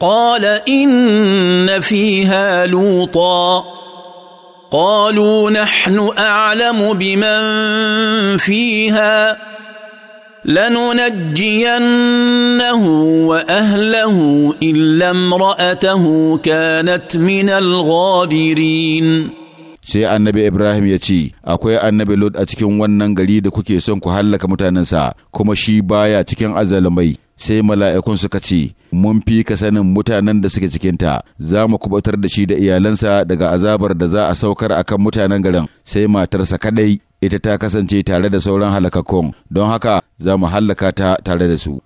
قال ان فيها لوطا قالوا نحن اعلم بمن فيها لننجينه واهله الا امراته كانت من الغابرين sai annabi Ibrahim ya ce, Akwai annabi Lot a cikin wannan gari da kuke son ku hallaka mutanensa, kuma shi baya cikin azalumai. sai mala'ikun suka ce, Mun fi ka sanin mutanen da suke cikinta, za mu kubatar da shi da iyalansa daga azabar da za a saukar a kan mutanen garin, sai matarsa kaɗai ita ta kasance tare da sauran halakakkun, don haka za mu hallaka ta tare da su.